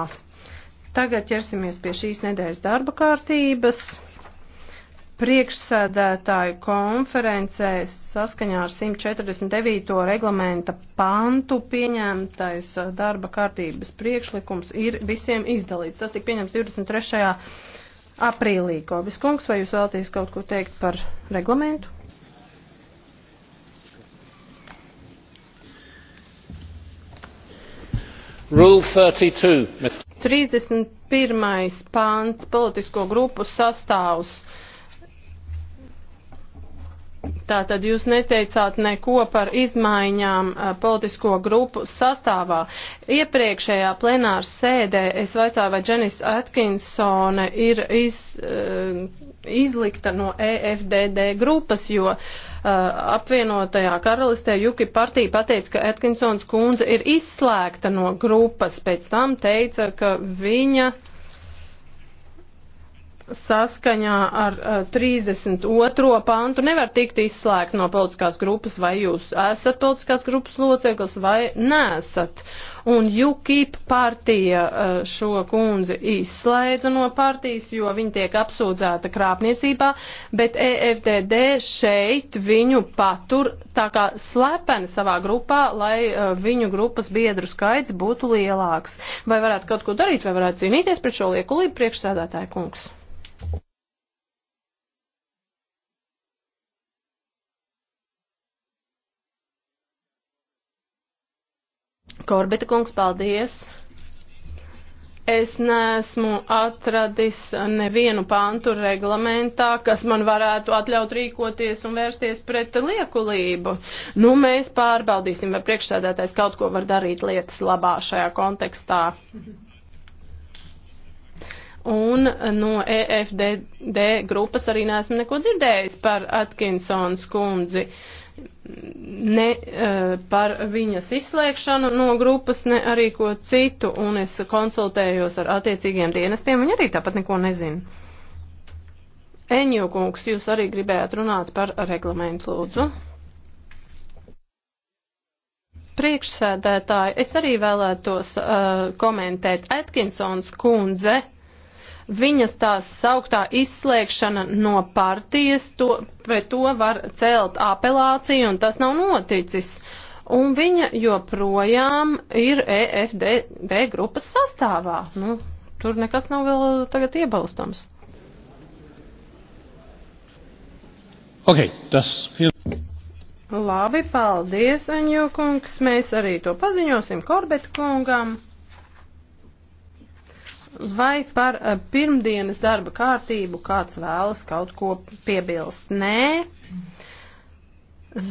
Ah. Tagad ķersimies pie šīs nedēļas darba kārtības. Priekšsēdētāju konferencē saskaņā ar 149. reglamenta pantu pieņemtais eh, darba kārtības priekšlikums ir visiem izdalīts. Tas tika pieņemts 23. aprīlī. Kovis kungs, vai jūs vēlaties kaut ko teikt par reglamentu? Rule 32. Mr. 31. pāns politisko grupu sastāvs. Tātad jūs neteicāt neko par izmaiņām eh, politisko grupu sastāvā. Iepriekšējā plenāra sēdē es vaicāju, vai Dženis Atkinsone ir iz, eh, izlikta no EFDD grupas, jo uh, Uh, apvienotajā karalistē Juki partija pateica, ka Atkinsons kundze ir izslēgta no grupas, pēc tam teica, ka viņa saskaņā ar 32. Eh, pantu nevar tikt izslēgt no politiskās grupas, vai jūs esat politiskās grupas loceklis vai nesat. Un UKIP partija eh, šo kundzi izslēdza no partijas, jo viņa tiek apsūdzēta krāpniecībā, bet EFDD šeit viņu patur tā kā slepeni savā grupā, lai eh, viņu grupas biedru skaits būtu lielāks. Vai varētu kaut ko darīt, vai varētu cīnīties pret šo liekulību priekšsēdētāju kungs? Korbita kungs, paldies! Es neesmu atradis nevienu pantu reglamentā, kas man varētu atļaut rīkoties un vērsties pret liekulību. Nu, mēs pārbaudīsim, vai priekšsēdētājs kaut ko var darīt lietas labā šajā kontekstā. Un no EFDD grupas arī neesmu neko dzirdējis par Atkinsons kundzi. Uh, ne e, par viņas izslēgšanu no grupas, ne arī ko citu, un es konsultējos ar attiecīgiem dienestiem, viņi arī tāpat neko nezina. Eņo kungs, jūs arī gribējāt runāt par reglamentu lūdzu. Priekšsēdētāji, es arī vēlētos uh, komentēt Atkinsons kundze. Uh, Viņas tās sauktā izslēgšana no partijas, to, pret to var celt apelāciju, un tas nav noticis. Un viņa joprojām ir EFD grupas sastāvā. Nu, tur nekas nav vēl uh, tagad iebalstams. Ok, tas ir. Labi, paldies, Aņo kungs. Mēs arī to paziņosim Korbet kungam. Vai par eh, pirmdienas darba kārtību kāds vēlas kaut ko piebilst? Nē.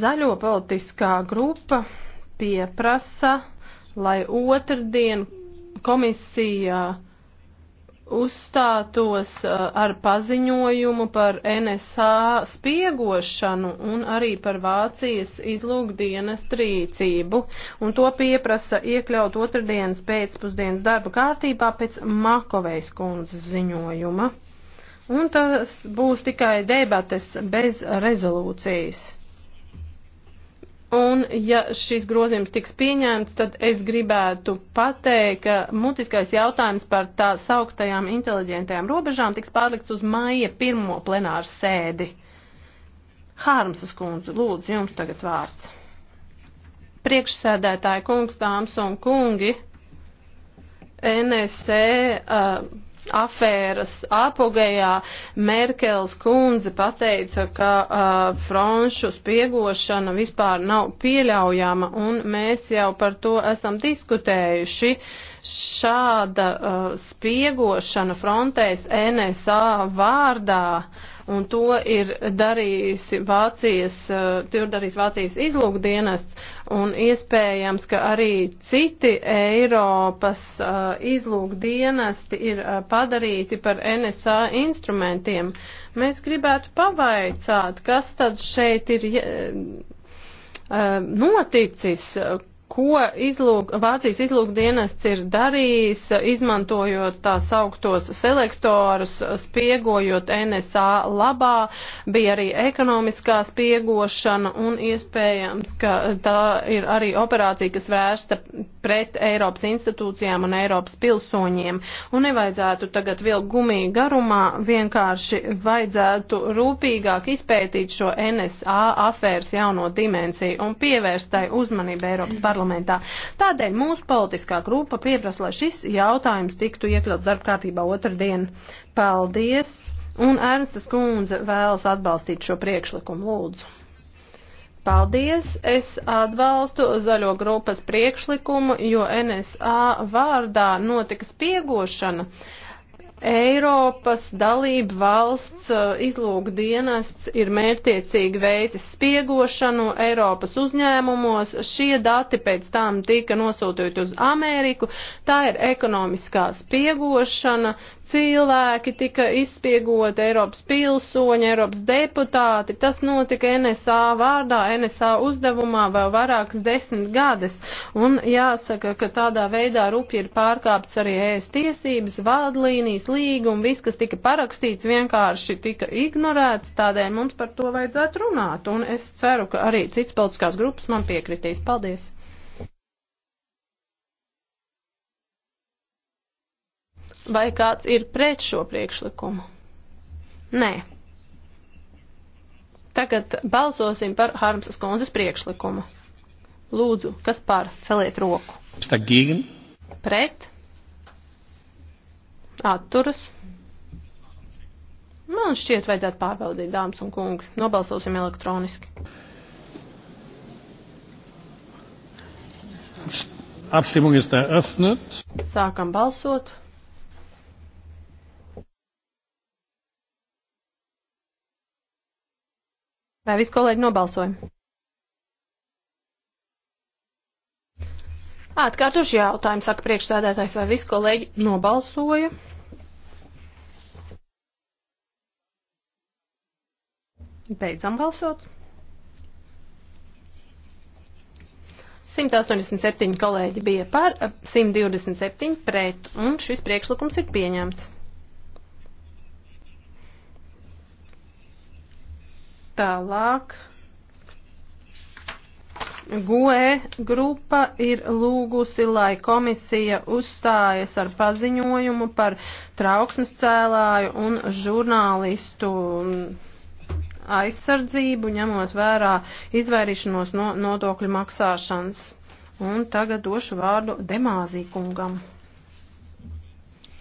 Zaļo politiskā grupa pieprasa, lai otrdien komisija uh, uzstātos uh, ar paziņojumu par NSA spiegošanu un arī par Vācijas izlūkdienas rīcību, un to pieprasa iekļaut otrdienas pēcpusdienas darba kārtībā pēc Makovejas kundzes ziņojuma. Un tas būs tikai debates bez rezolūcijas. Un, ja šis grozījums tiks pieņemts, tad es gribētu pateikt, ka mutiskais jautājums par tā sauktajām inteliģentajām robežām tiks pārlikts uz maija pirmo plenāru sēdi. Hārmsas kundze, lūdzu, jums tagad vārds. Priekšsēdētāji kungs, dāmas un kungi, NSE. Uh, afēras apogējā Merkels kundze pateica, ka uh, franšu spiegošana vispār nav pieļaujama, un mēs jau par to esam diskutējuši. Šāda uh, spiegošana frontēs NSA vārdā uh, un to ir darījusi Vācijas, eh, to ir darījis Vācijas izlūkdienests, un iespējams, ka arī citi Eiropas eh, izlūkdienesti ir eh, padarīti par NSA instrumentiem. Mēs gribētu pavaicāt, kas tad šeit ir noticis, ko izlūg, Vācijas izlūkdienests ir darījis, izmantojot tā sauktos selektorus, spiegojot NSA labā, bija arī ekonomiskā spiegošana un iespējams, ka tā ir arī operācija, kas vērsta pret Eiropas institūcijām un Eiropas pilsoņiem. Un nevajadzētu tagad vēl gumiju garumā, vienkārši vajadzētu rūpīgāk izpētīt šo NSA afēras jauno dimensiju un pievērst tai uzmanību Eiropas parlamentā parlamentā. Tādēļ mūsu politiskā grupa pieprasa, lai šis jautājums tiktu iekļauts darbkārtībā otrdien. Paldies! Un Ernstas kundze vēlas atbalstīt šo priekšlikumu lūdzu. Paldies! Es atbalstu zaļo grupas priekšlikumu, jo NSA vārdā notika spiegošana. Uh, Eiropas dalība valsts uh, izlūk dienests ir mērtiecīgi veicis spiegošanu Eiropas uzņēmumos. Šie dati pēc tam tika nosūtīti uz Ameriku. Tā ir ekonomiskā spiegošana, cilvēki tika izspiegoti, Eiropas pilsoņi, Eiropas deputāti. Tas notika NSA vārdā, NSA uzdevumā vēl vairākas desmit gadus. Un jāsaka, ka tādā veidā rupji ir pārkāpts arī ēst tiesības, vādlīnijas, līguma, viss, kas tika parakstīts, vienkārši tika ignorēts. Tādēļ mums par to vajadzētu runāt. Un es ceru, ka arī cits politiskās grupas man piekritīs. Paldies! Vai kāds ir pret šo priekšlikumu? Nē. Tagad balsosim par Harmsas kundzes priekšlikumu. Lūdzu, kas par? Celiet roku. Stagīgan. Pret. Atturas. Man šķiet, vajadzētu pārbaudīt, dāmas un kungi. Nobalsosim elektroniski. Abstimmung ist eröffnet. Sākam balsot. Vai visi kolēģi nobalsoja? Atkārtoši jautājumu, saka priekšsēdētājs, vai visi kolēģi nobalsoja? Beidzam balsot. 187 kolēģi bija par, 127 pret, un šis priekšlikums ir pieņemts. Tālāk. GUE grupa ir lūgusi, lai komisija uzstājas ar paziņojumu par trauksmes cēlāju un žurnālistu aizsardzību, ņemot vērā izvairīšanos no nodokļu maksāšanas. Un tagad došu vārdu Demāzī kungam.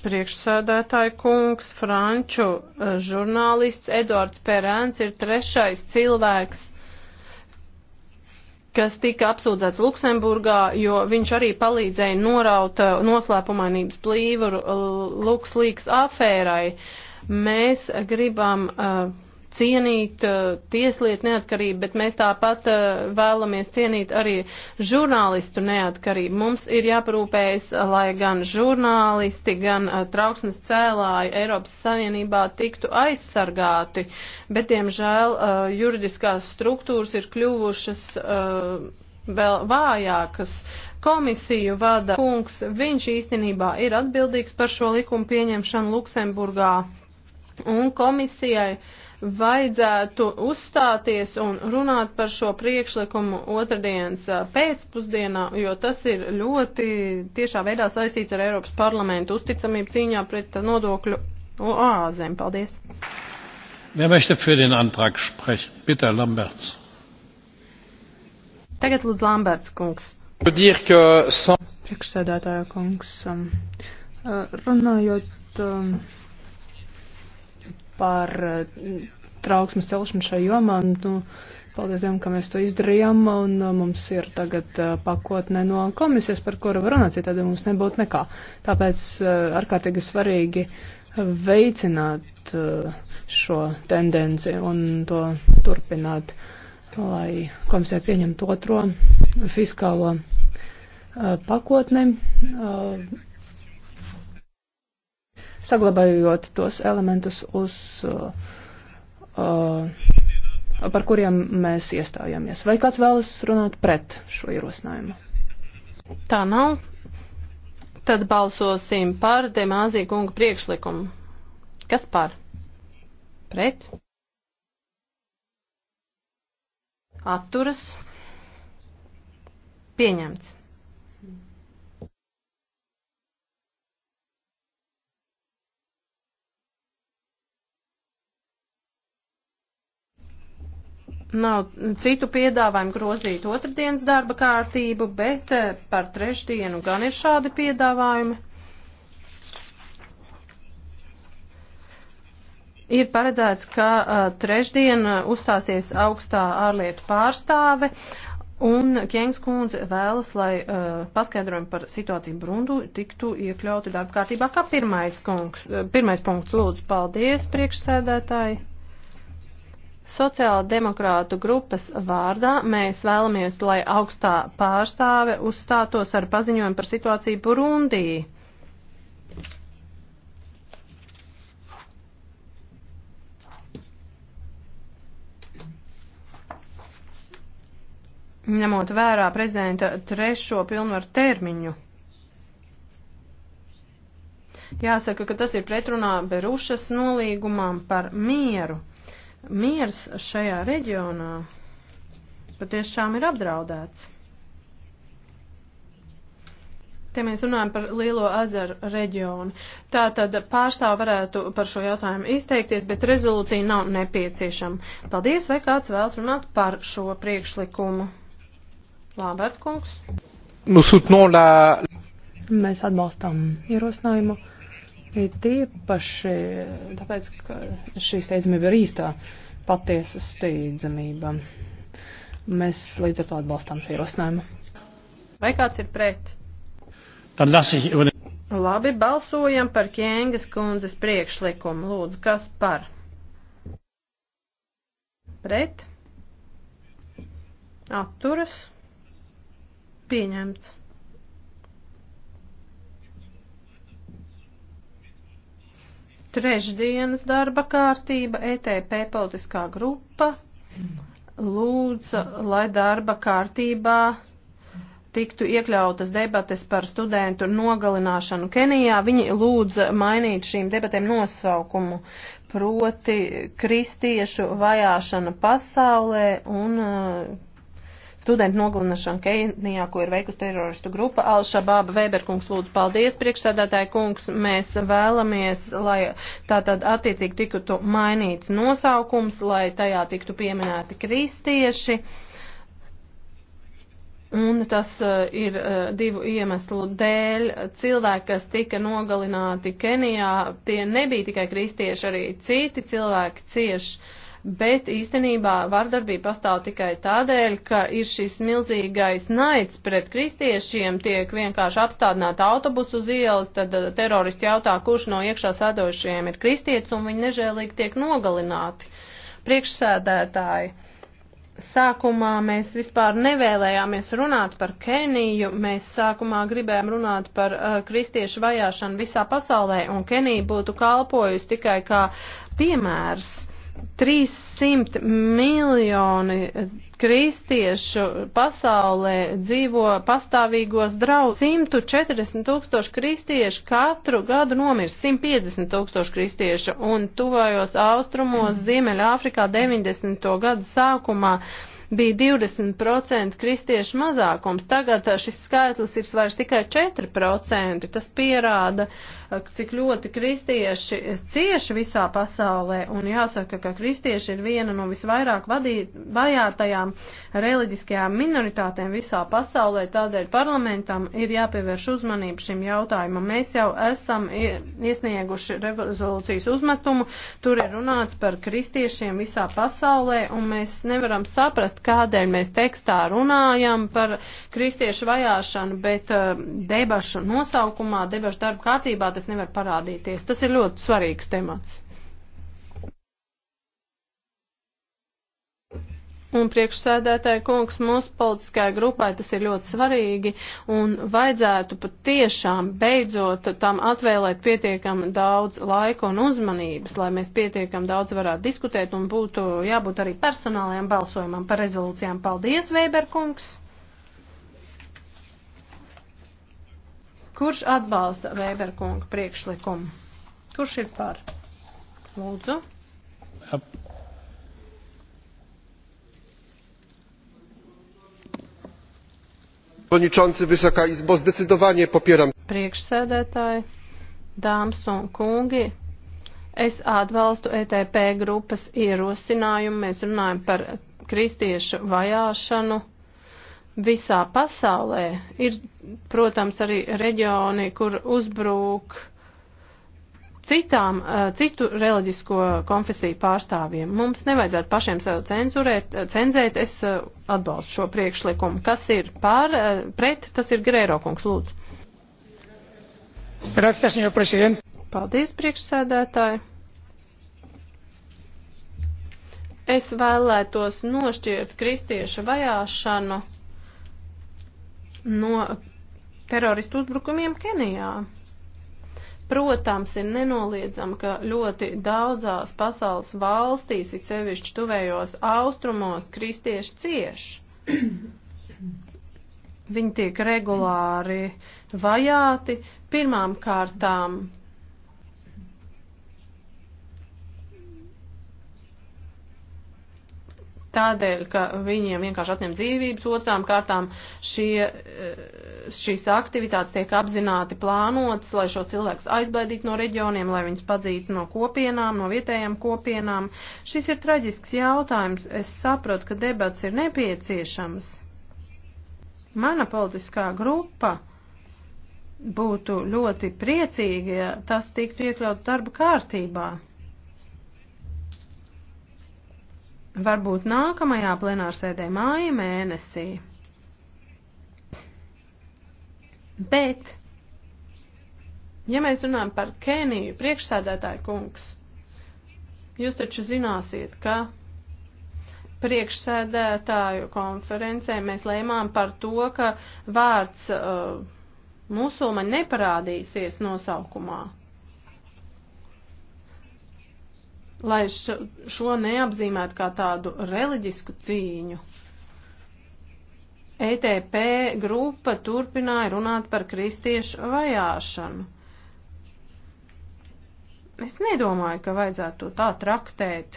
Priekšsēdētāja kungs, franču eh, žurnālists Eduards Perēns ir trešais cilvēks, kas tika apsūdzēts Luksemburgā, jo viņš arī palīdzēja noraut eh, noslēpumainības plīvuru eh, Lukslīgas afērai. Mēs gribam uh, cienīt uh, tieslietu neatkarību, bet mēs tāpat uh, vēlamies cienīt arī žurnālistu neatkarību. Mums ir jāparūpējas, lai gan žurnālisti, gan uh, trauksmes cēlāji Eiropas Savienībā tiktu aizsargāti, bet, diemžēl, uh, juridiskās struktūras ir kļuvušas. Uh, vēl vājākas. Komisiju vada kungs, viņš īstenībā ir atbildīgs par šo likumu pieņemšanu Luksemburgā. Un komisijai uh, vajadzētu uzstāties un runāt par šo priekšlikumu otrdienas pēcpusdienā, jo tas ir ļoti tiešā veidā saistīts ar Eiropas parlamentu uzticamību cīņā pret nodokļu oāzēm. Paldies! Wer möchte für den Antrag sprechen? Bitte, Lamberts. Tagad lūdzu Lamberts kungs. Priekšsēdētāja kungs, runājot par eh, trauksmes celšanu šajā jomā. Un, nu, paldies Dievam, ka mēs to izdarījām, un eh, mums ir tagad eh, pakotne no komisijas, par kuru var runāt, citādi mums nebūtu nekā. Tāpēc ārkārtīgi svarīgi veicināt šo tendenci un to turpināt, lai komisija pieņemtu otro fiskālo pakotni saglabājot tos elementus, uz, uh, uh, par kuriem mēs iestājāmies. Vai kāds vēlas runāt pret šo ierosinājumu? Tā nav. Tad balsosim par Demāzija kunga priekšlikumu. Kas par? Pret? Atturas? Pieņemts. Nav citu piedāvājumu grozīt otrdienas darba kārtību, bet eh, par trešdienu gan ir šādi piedāvājumi. Ir paredzēts, ka uh, trešdien uzstāsies augstā ārlietu pārstāve, un Kjēngs kundze vēlas, lai uh, paskaidrojumi par situāciju Brundu tiktu iekļauti darba kārtībā kā pirmais, kungs, pirmais punkts. Lūdzu, paldies, priekšsēdētāji! Sociāla demokrātu grupas vārdā mēs vēlamies, lai augstā pārstāve uzstātos ar paziņojumu par situāciju Burundī. ņemot vērā prezidenta trešo pilnvaru termiņu. Jāsaka, ka tas ir pretrunā Berušas nolīgumam par mieru. Miers šajā reģionā patiešām ir apdraudēts. Te mēs runājam par Lielo azaru reģionu. Tā tad pārstāv varētu par šo jautājumu izteikties, bet rezolūcija nav nepieciešama. Paldies, vai kāds vēlas runāt par šo priekšlikumu? Lāberts kungs. Mēs atbalstām ierosinājumu It tīpaši tāpēc, ka šī steidzamība ir īstā patiesa steidzamība. Mēs līdz ar to atbalstām šo ierosinājumu. Vai kāds ir pret? Tad lasīju. Un... Labi, balsojam par Kjēngas kundzes priekšlikumu. Lūdzu, kas par? Pret? Atturas? Pieņemts. Trešdienas darba kārtība ETP politiskā grupa lūdza, lai darba kārtībā tiktu iekļautas debates par studentu nogalināšanu Kenijā. Viņi lūdza mainīt šīm debatēm nosaukumu proti kristiešu vajāšana pasaulē un uh, studentu nogalināšanu Keinijā, ko ir veikusi teroristu grupa Al-Shabaab. Vēberkungs lūdzu paldies, priekšsēdētāji kungs, mēs vēlamies, lai tātad attiecīgi tiktu mainīts nosaukums, lai tajā tiktu pieminēti kristieši. Un tas uh, ir uh, divu iemeslu dēļ. Cilvēki, kas tika nogalināti Kenijā, tie nebija tikai kristieši, arī citi cilvēki cieši. Uh, bet īstenībā vardarbība pastāv tikai tādēļ, ka ir šis milzīgais naids pret kristiešiem, tiek vienkārši apstādināta autobusu uz ielas, tad eh, teroristi jautā, kurš no iekšā sēdošajiem ir kristietis, un viņi nežēlīgi tiek nogalināti. Priekšsēdētāji. Sākumā mēs vispār nevēlējāmies runāt par Keniju, mēs sākumā gribējām runāt par uh, kristiešu vajāšanu visā pasaulē, un Kenija būtu kalpojusi tikai kā piemērs. 300 miljoni kristiešu pasaulē dzīvo pastāvīgos draudz. 140 tūkstoši kristiešu katru gadu nomirst, 150 tūkstoši kristiešu un tuvajos austrumos Ziemeļāfrikā 90. gadu sākumā bija 20% kristiešu mazākums, tagad uh, šis skaitlis ir vairs tikai 4%. Tas pierāda, uh, cik ļoti kristieši cieši visā pasaulē, un jāsaka, ka kristieši ir viena no visvairāk vadīt, vajātajām reliģiskajām minoritātēm visā pasaulē, tādēļ parlamentam ir jāpievērš uzmanību šim jautājumam. Mēs jau esam iesnieguši rezolūcijas uzmetumu, tur ir runāts par kristiešiem visā pasaulē, un mēs nevaram saprast, saprast, kādēļ mēs tekstā runājam par kristiešu vajāšanu, bet eh, debašu nosaukumā, debašu darba kārtībā tas nevar parādīties. Tas ir ļoti svarīgs temats. Un priekšsēdētāja kungs, mūsu politiskajai grupai tas ir ļoti svarīgi un vajadzētu pat tiešām beidzot tam atvēlēt pietiekam daudz laika un uzmanības, lai mēs pietiekam daudz varētu diskutēt un būtu jābūt arī personālajam balsojumam par rezolūcijām. Paldies, Vēber kungs! Kurš atbalsta Vēber kunga priekšlikumu? Kurš ir par? Lūdzu. Ap. Poničonci, Visakā izbo, zdecidovānie papieram. Priekšsēdētāji, dāmas un kungi, es atbalstu ETP grupas ierosinājumu. Mēs runājam par kristiešu vajāšanu visā pasaulē. Ir, protams, arī reģioni, kur uzbrūk uh, citām, eh, citu reliģisko konfesiju pārstāvjiem. Mums nevajadzētu pašiem sev cenzurēt, cenzēt, es eh, atbalstu šo priekšlikumu. Kas ir pār, eh, pret, tas ir Grēro kungs, lūdzu. Gracias, señor presidente. Paldies, priekšsēdētāji. Es vēlētos nošķirt kristiešu vajāšanu no teroristu uzbrukumiem Kenijā. Protams, ir nenoliedzama, ka ļoti daudzās pasaules valstīs, it sevišķi tuvējos austrumos, kristieši cieš. Viņi tiek regulāri vajāti. Pirmām kārtām tādēļ, ka viņiem vienkārši atņem dzīvības, otrām kārtām šie, eh, šīs aktivitātes tiek apzināti plānotas, lai šo cilvēku aizbaidītu no reģioniem, lai viņus padzītu no kopienām, no vietējām kopienām. Šis ir traģisks jautājums. Es saprotu, ka debats ir nepieciešams. Mana politiskā grupa būtu ļoti priecīga, ja tas tiktu iekļauts darba kārtībā. Varbūt nākamajā plenārsēdē māja mēnesī. Bet, ja mēs runājam par Keniju, priekšsēdētāju kungs, jūs taču zināsiet, ka priekšsēdētāju konferencē mēs lēmām par to, ka vārds uh, musulmaņi neparādīsies nosaukumā. lai šo neapzīmētu kā tādu reliģisku cīņu. ETP grupa turpināja runāt par kristiešu vajāšanu. Es nedomāju, ka vajadzētu to tā traktēt.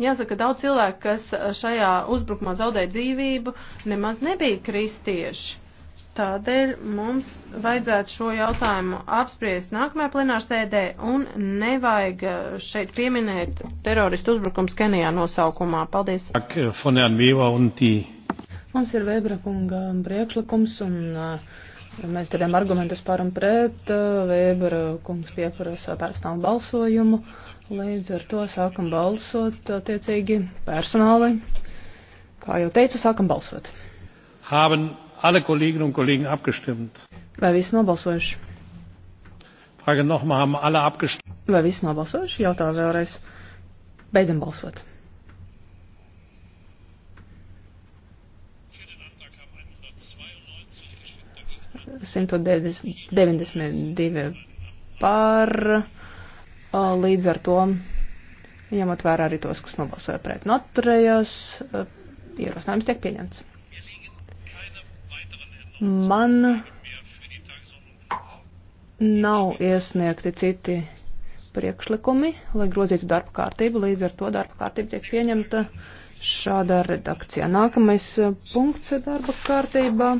Jāsaka, daudz cilvēku, kas šajā uzbrukumā zaudēja dzīvību, nemaz nebija kristieši. Tādēļ mums vajadzētu šo jautājumu apspriest nākamajā plenārsēdē un nevajag eh, šeit pieminēt teroristu uzbrukums Kenijā nosaukumā. Paldies. Eh, mums ir Vēbra kunga priekšlikums un eh, mēs dzirdam argumentus par un pret. Vēbra kungs pieprasa personālu balsojumu. Līdz ar to sākam balsot attiecīgi personāli. Kā jau teicu, sākam balsot. Haben alle Kolleginnen und Kollegen abgestimmt? Vai visi nobalsojuši? Frage nochmal, haben alle abgestimmt? Vai visi nobalsojuši? Jautā vēlreiz. Beidzam balsot. Simto deviņdesmit divi par, līdz ar to ņemot vērā arī tos, kas nobalsoja pret noturējos, ierosinājums tiek pieņemts. Man nav iesniegti citi priekšlikumi, lai grozītu darba kārtību, līdz ar to darba kārtība tiek pieņemta šādā redakcijā. Nākamais punkts darba kārtībā.